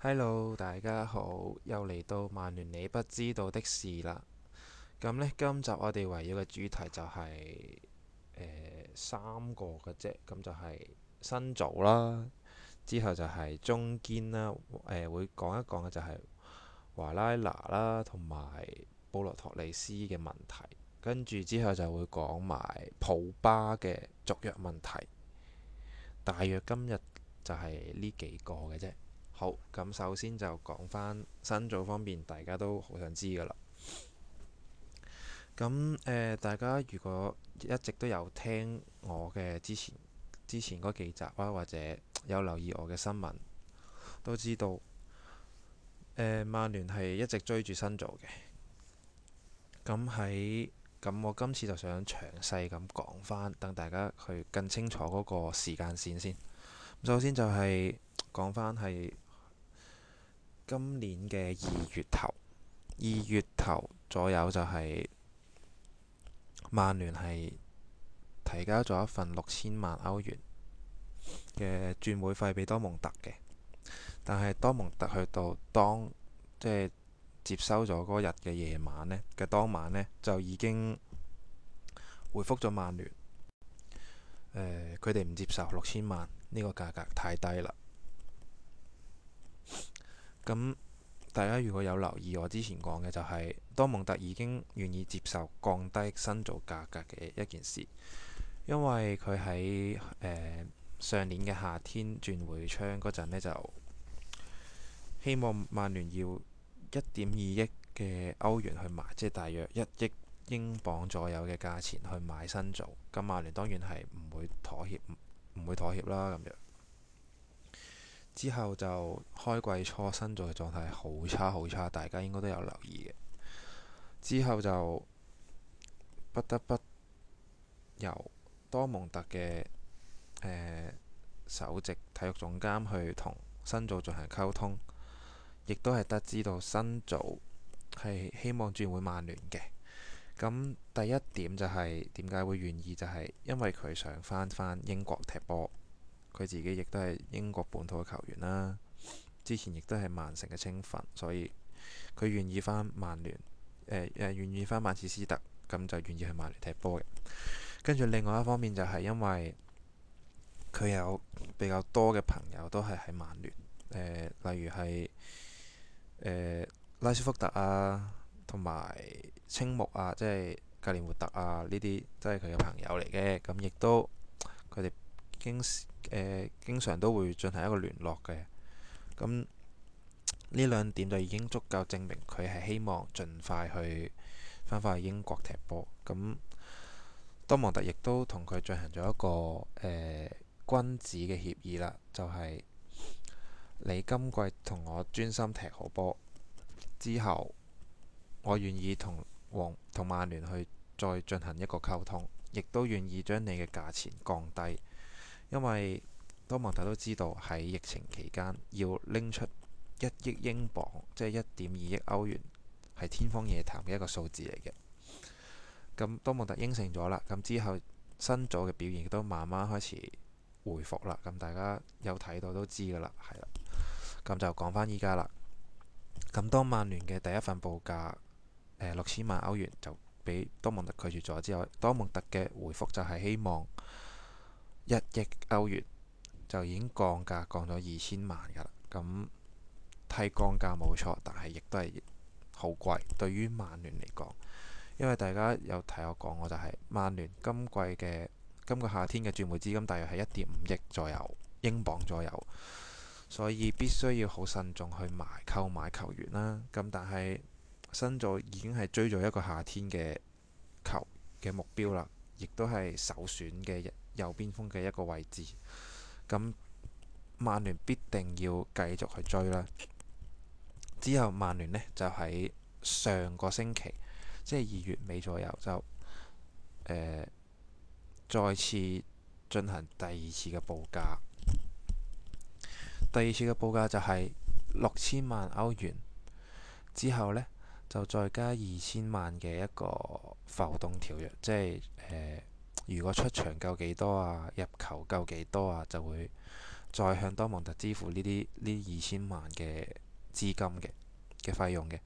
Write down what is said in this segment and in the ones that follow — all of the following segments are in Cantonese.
Hello，大家好，又嚟到曼聯你不知道的事啦。咁呢，今集我哋圍繞嘅主題就係、是呃、三個嘅啫，咁就係新組啦，之後就係中堅啦，誒、呃、會講一講嘅就係華拉納啦，同埋布洛托利斯嘅問題，跟住之後就會講埋普巴嘅續約問題，大約今日就係呢幾個嘅啫。好咁，首先就講返新組方面，大家都好想知噶啦。咁、呃、大家如果一直都有聽我嘅之前之前嗰幾集啦、啊，或者有留意我嘅新聞，都知道、呃、曼聯係一直追住新組嘅。咁喺咁，我今次就想詳細咁講返，等大家去更清楚嗰個時間線先。首先就係講返係。今年嘅二月頭，二月頭左右就係曼聯係提交咗一份六千萬歐元嘅轉會費俾多蒙特嘅，但係多蒙特去到當即係接收咗嗰日嘅夜晚呢嘅當晚呢，就已經回覆咗曼聯，誒佢哋唔接受六千萬，呢個價格太低啦。咁大家如果有留意我之前講嘅，就是，就係多蒙特已經願意接受降低新造價格嘅一件事，因為佢喺誒上年嘅夏天轉會窗嗰陣咧，就希望曼聯要一點二億嘅歐元去買，即、就、係、是、大約一億英鎊左右嘅價錢去買新造，咁曼聯當然係唔會妥協，唔會妥協啦咁樣。之後就開季初，新組嘅狀態好差好差，大家應該都有留意嘅。之後就不得不由多蒙特嘅、呃、首席體育總監去同新組進行溝通，亦都係得知到新組係希望轉會曼聯嘅。咁第一點就係點解會願意，就係、是、因為佢想返返英國踢波。佢自己亦都係英國本土嘅球員啦，之前亦都係曼城嘅青訓，所以佢願意翻曼聯，誒、呃、誒、呃、願意翻曼徹斯特，咁就願意去曼聯踢波嘅。跟住另外一方面就係因為佢有比較多嘅朋友都係喺曼聯，誒、呃、例如係誒、呃、拉斯福特啊，同埋青木啊，即係格連活特啊，呢啲都係佢嘅朋友嚟嘅。咁亦都佢哋經誒經常都會進行一個聯絡嘅，咁呢兩點就已經足夠證明佢係希望盡快去翻返去英國踢波。咁多蒙特亦都同佢進行咗一個、呃、君子嘅協議啦，就係、是、你今季同我專心踢好波之後我願，我願意同王同曼聯去再進行一個溝通，亦都願意將你嘅價錢降低。因為多蒙特都知道喺疫情期間要拎出一億英鎊，即係一點二億歐元，係天方夜譚嘅一個數字嚟嘅。咁多蒙特應承咗啦，咁之後新組嘅表現都慢慢開始回復啦。咁大家有睇到都知㗎啦，係啦。咁就講返依家啦。咁當曼聯嘅第一份報價、呃、六千萬歐元就俾多蒙特拒絕咗之後，多蒙特嘅回覆就係希望。一億歐元就已經降價降，降咗二千萬噶啦。咁睇降價冇錯，但係亦都係好貴。對於曼聯嚟講，因為大家有提我講過、就是，我就係曼聯今季嘅今個夏天嘅轉會資金，大約係一點五億左右英鎊左右，所以必須要好慎重去買購買球員啦。咁但係新助已經係追咗一個夏天嘅球嘅目標啦，亦都係首選嘅人。右邊鋒嘅一個位置，咁曼聯必定要繼續去追啦。之後曼聯呢，就喺上個星期，即係二月尾左右就誒、呃、再次進行第二次嘅報價。第二次嘅報價就係六千萬歐元，之後呢，就再加二千萬嘅一個浮動條約，即係誒。呃如果出場夠幾多啊，入球夠幾多啊，就會再向多蒙特支付呢啲呢二千萬嘅資金嘅嘅費用嘅。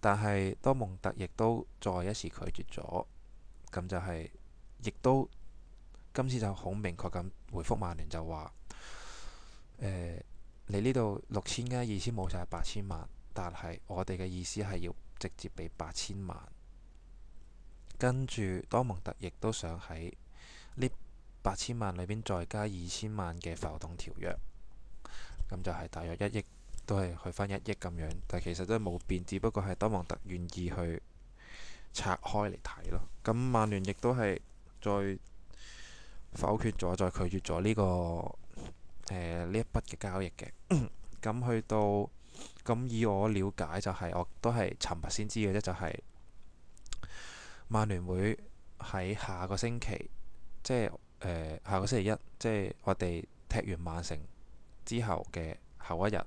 但係多蒙特亦都再一次拒絕咗，咁就係、是、亦都今次就好明確咁回覆曼聯就話：誒、呃，你呢度六千加二千冇晒八千萬，但係我哋嘅意思係要直接俾八千萬。跟住，多蒙特亦都想喺呢八千萬裏邊再加二千萬嘅浮動條約，咁就係大約一億都係去翻一億咁樣，但其實都係冇變，只不過係多蒙特願意去拆開嚟睇咯。咁曼聯亦都係再否決咗，再拒絕咗呢、呢個誒呢、呃、一筆嘅交易嘅。咁 去到咁以我了解就係、是、我都係尋日先知嘅啫，就係、是。曼聯會喺下個星期，即係誒、呃、下個星期一，即係我哋踢完曼城之後嘅後一日，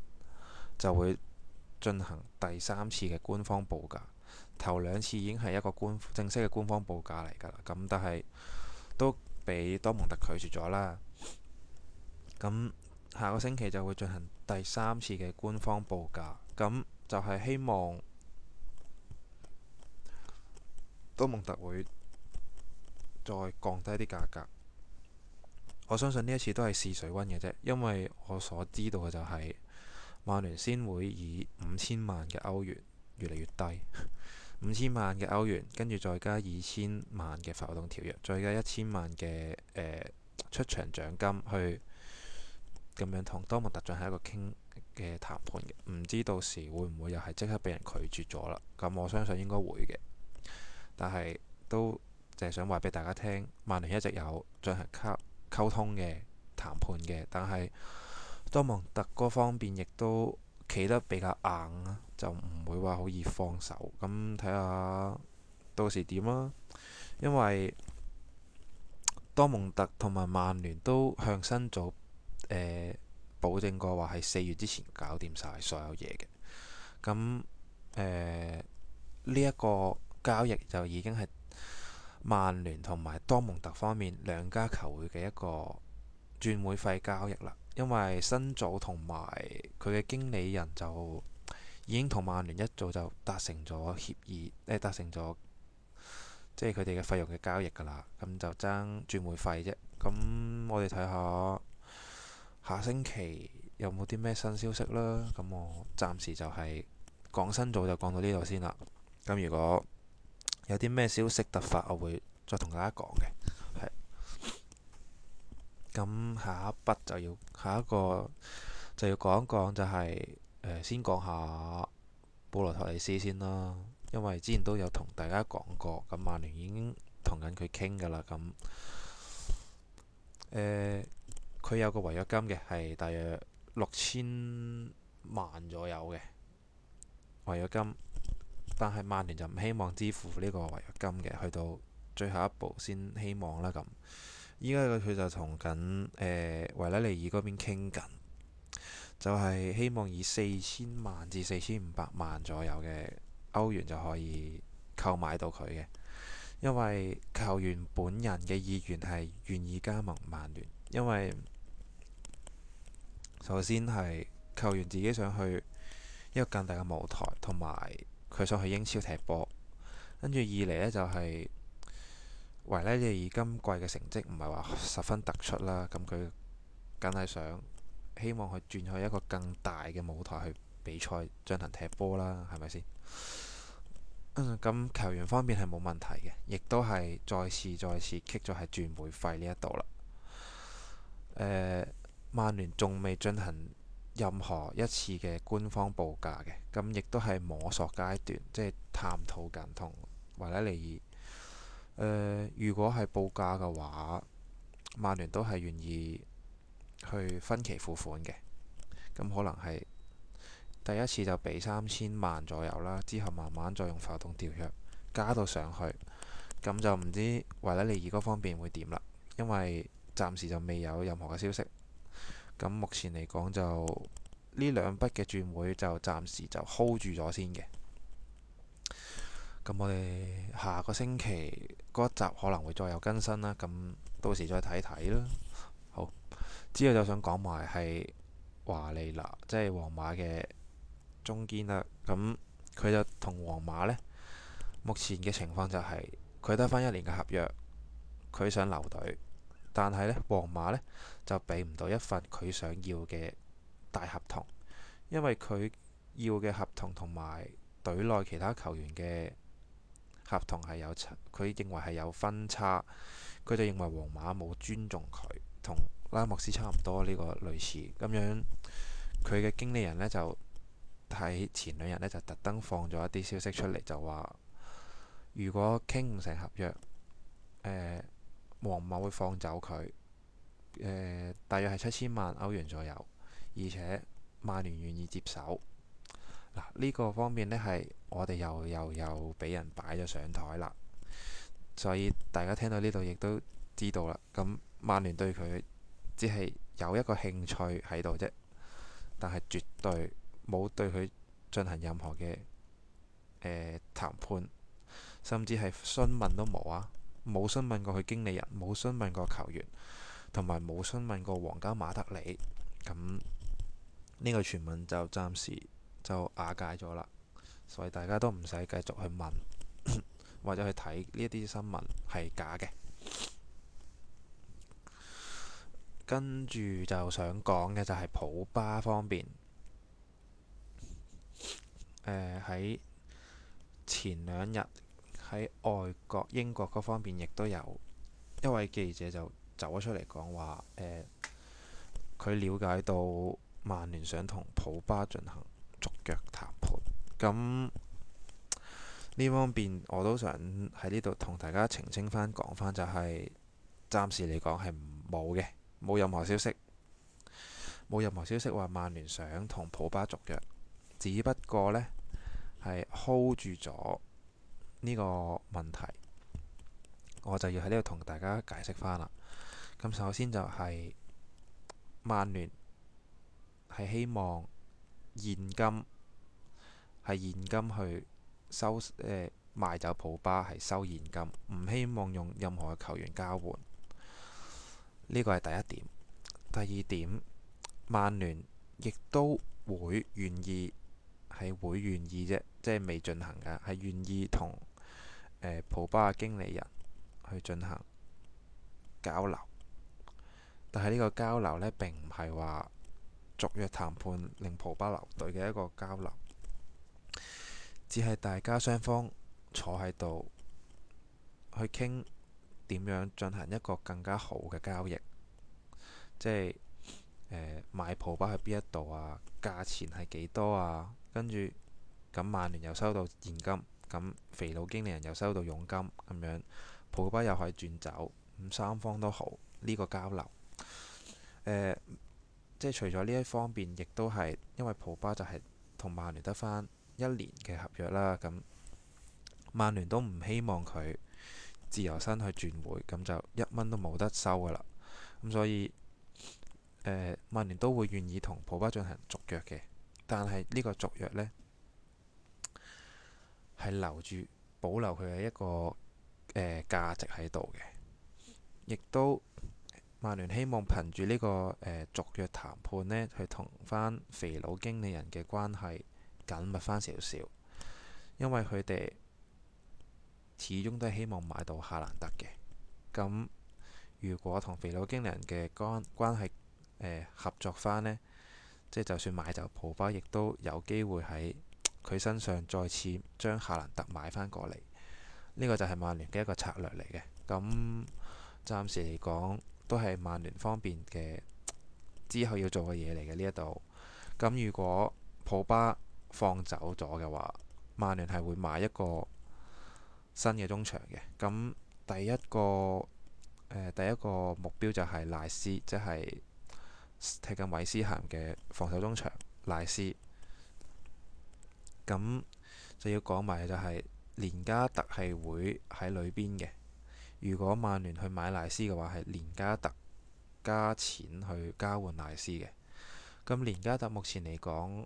就會進行第三次嘅官方報價。頭兩次已經係一個官正式嘅官方報價嚟㗎啦，咁但係都俾多蒙特拒絕咗啦。咁下個星期就會進行第三次嘅官方報價，咁就係希望，多蒙特會再降低啲價格。我相信呢一次都係試水溫嘅啫，因為我所知道嘅就係曼聯先會以五千萬嘅歐元越嚟越低，五千萬嘅歐元跟住再加二千萬嘅浮動條約，再加一千萬嘅誒、呃、出場獎金去咁樣同多蒙特進行一個傾嘅談判嘅。唔知到時會唔會又係即刻俾人拒絕咗啦？咁我相信應該會嘅。但係都淨係想話俾大家聽，曼聯一直有進行溝通嘅談判嘅，但係多蒙特嗰方面亦都企得比較硬啊，就唔會話好易放手。咁睇下到時點啦，因為多蒙特同埋曼聯都向新組誒、呃、保證過話係四月之前搞掂晒所有嘢嘅。咁誒呢一個交易就已經係曼聯同埋多蒙特方面兩家球會嘅一個轉會費交易啦。因為新組同埋佢嘅經理人就已經同曼聯一早就達成咗協議，即、哎、係達成咗即係佢哋嘅費用嘅交易噶啦。咁就爭轉會費啫。咁我哋睇下下星期有冇啲咩新消息啦。咁我暫時就係講新組就講到呢度先啦。咁如果有啲咩消息突發，我會再同大家講嘅，係。咁下一筆就要下一個就要講一講就係、是、誒、呃、先講下布羅托里斯先啦，因為之前都有同大家講過，咁曼聯已經同緊佢傾㗎啦，咁誒佢有個違約金嘅，係大約六千萬左右嘅違約金。但係，曼聯就唔希望支付呢個違約金嘅，去到最後一步先希望啦。咁依家佢就同緊誒維拉利爾嗰邊傾緊，就係希望以四千萬至四千五百萬左右嘅歐元就可以購買到佢嘅，因為球員本人嘅意願係願意加盟曼聯，因為首先係球員自己想去一個更大嘅舞台，同埋。佢想去英超踢波，跟住二嚟呢就係維拉利爾今季嘅成績唔係話十分突出啦，咁佢梗係想希望佢轉去一個更大嘅舞台去比賽進行踢波啦，係咪先？咁球員方面係冇問題嘅，亦都係再次再次棘咗係轉會費呢一度啦。誒、呃，曼聯仲未進行任何一次嘅官方報價嘅，咁亦都係摸索階段，即係探討緊同維拉利爾。呃，如果係報價嘅話，曼聯都係願意去分期付款嘅。咁可能係第一次就俾三千萬左右啦，之後慢慢再用浮動條約加到上去。咁就唔知維拉利爾嗰方面會點啦，因為暫時就未有任何嘅消息。咁目前嚟講，就呢兩筆嘅轉會就暫時就 hold 住咗先嘅。咁我哋下個星期嗰集可能會再有更新啦。咁到時再睇睇啦。好，之後就想講埋係華利拿，即係皇馬嘅中堅啦。咁佢就同皇馬呢，目前嘅情況就係佢得翻一年嘅合約，佢想留隊，但係呢，皇馬呢，就俾唔到一份佢想要嘅大合同，因為佢要嘅合同同埋隊內其他球員嘅合同係有差，佢認為係有分差，佢就認為皇馬冇尊重佢，同拉莫斯差唔多呢個類似，咁樣佢嘅經理人呢就喺前兩日呢就特登放咗一啲消息出嚟，就話如果傾唔成合約，呃，皇馬會放走佢。誒、呃，大約係七千萬歐元左右，而且曼聯願意接手嗱。呢、這個方面呢，係我哋又又又俾人擺咗上台啦。所以大家聽到呢度亦都知道啦。咁曼聯對佢只係有一個興趣喺度啫，但係絕對冇對佢進行任何嘅誒、呃、談判，甚至係詢問都冇啊，冇詢問過佢經理人，冇詢問過球員。同埋冇詢問過皇家馬德里，咁呢個傳聞就暫時就瓦解咗啦，所以大家都唔使繼續去問 或者去睇呢啲新聞係假嘅。跟住就想講嘅就係普巴方面，喺、呃、前兩日喺外國英國嗰方面，亦都有一位記者就。走咗出嚟講話誒，佢了解到曼聯想同普巴進行續約談判。咁呢方面我都想喺呢度同大家澄清翻講翻，就係、是、暫時嚟講係冇嘅，冇任何消息，冇任何消息話曼聯想同普巴續約。只不過呢係 hold 住咗呢個問題，我就要喺呢度同大家解釋翻啦。咁首先就係、是、曼聯係希望現金係現金去收誒賣、呃、走普巴係收現金，唔希望用任何嘅球員交換。呢個係第一點，第二點，曼聯亦都會願意係會願意啫，即係未進行㗎，係願意同誒普巴嘅經理人去進行交流。但係呢個交流咧，並唔係話續約談判令普巴留隊嘅一個交流，只係大家雙方坐喺度去傾點樣進行一個更加好嘅交易，即係誒、呃、買普巴去邊一度啊，價錢係幾多啊？跟住咁，曼聯又收到現金，咁肥佬經理人又收到佣金，咁樣普巴又可以轉走，咁三方都好呢、呢個交流。誒、呃，即係除咗呢一方面，亦都係因為普巴就係同曼聯得翻一年嘅合約啦。咁曼聯都唔希望佢自由身去轉會，咁就一蚊都冇得收噶啦。咁所以、呃、曼聯都會願意同普巴進行續約嘅。但係呢個續約呢，係留住保留佢嘅一個誒價、呃、值喺度嘅，亦都。曼聯希望憑住呢個誒續、呃、約談判呢，去同翻肥佬經理人嘅關係緊密翻少少，因為佢哋始終都係希望買到夏蘭特嘅。咁如果同肥佬經理人嘅關關係誒合作翻呢，即係就算買就普巴，亦都有機會喺佢身上再次將夏蘭特買翻過嚟。呢、呢個就係曼聯嘅一個策略嚟嘅。咁暫時嚟講。都係曼聯方面嘅之後要做嘅嘢，嚟嘅呢一度。咁如果普巴放走咗嘅話，曼聯係會買一個新嘅中場嘅。咁第一個誒、呃、第一個目標就係賴斯，即係踢緊韋斯咸嘅防守中場賴斯。咁就要講埋就係連加特係會喺裏邊嘅。如果曼聯去買賴斯嘅話，係連加特加錢去交換賴斯嘅。咁連加特目前嚟講，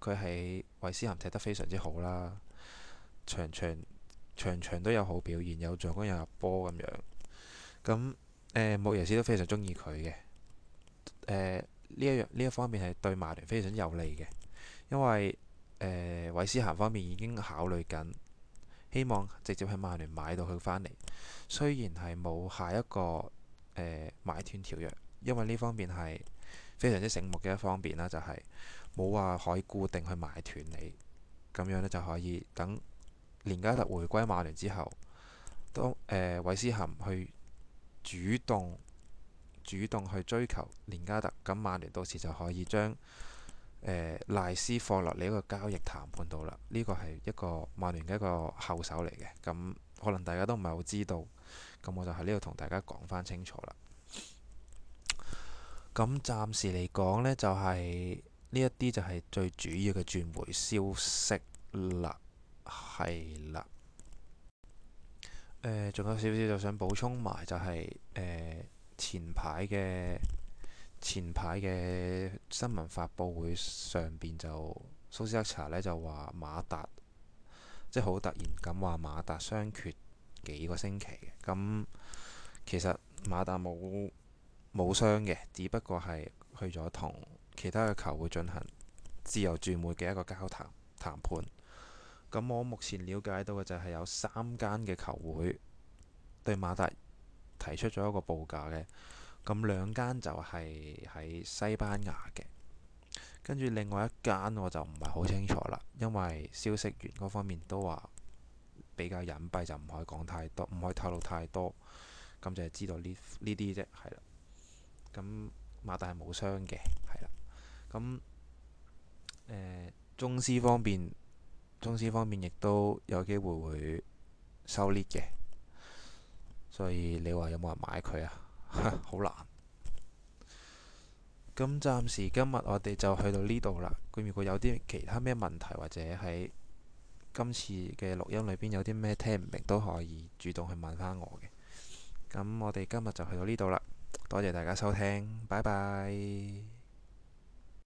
佢喺韋斯咸踢得非常之好啦，場場場場都有好表現，有助攻有入波咁樣。咁誒、呃，莫耶斯都非常中意佢嘅。誒、呃，呢一樣呢一方面係對曼聯非常之有利嘅，因為誒韋、呃、斯咸方面已經考慮緊。希望直接喺曼聯買到佢返嚟，雖然係冇下一個誒、呃、買斷條約，因為呢方面係非常之醒目嘅一方面啦，就係冇話可以固定去買斷你，咁樣咧就可以等連加特回歸曼聯之後，當誒韋斯咸去主動主動去追求連加特，咁曼聯到時就可以將。誒、嗯、賴斯霍落你一個交易談判到啦，呢個係一個曼聯嘅一個後手嚟嘅，咁可能大家都唔係好知道，咁我就喺呢度同大家講翻清楚啦。咁暫時嚟講呢，就係呢一啲就係最主要嘅轉回消息啦，係啦。仲、呃、有少少就想補充埋、就係，就、呃、係前排嘅。前排嘅新聞發佈會上邊就蘇斯克查呢，就話馬達即係好突然咁話馬達傷缺幾個星期嘅，咁其實馬達冇冇傷嘅，只不過係去咗同其他嘅球會進行自由轉會嘅一個交談談判。咁我目前了解到嘅就係有三間嘅球會對馬達提出咗一個報價嘅。咁兩間就係喺西班牙嘅，跟住另外一間我就唔係好清楚啦，因為消息源嗰方面都話比較隱蔽，就唔可以講太多，唔可以透露太多，咁就係知道呢呢啲啫，係啦。咁馬大係冇傷嘅，係啦。咁誒宗師方面，宗師方面亦都有機會會收 lift 嘅，所以你話有冇人買佢啊？好 難。咁暫時今日我哋就去到呢度啦。咁如果有啲其他咩問題或者喺今次嘅錄音裏邊有啲咩聽唔明都可以主動去問翻我嘅。咁我哋今日就去到呢度啦。多謝大家收聽，拜拜。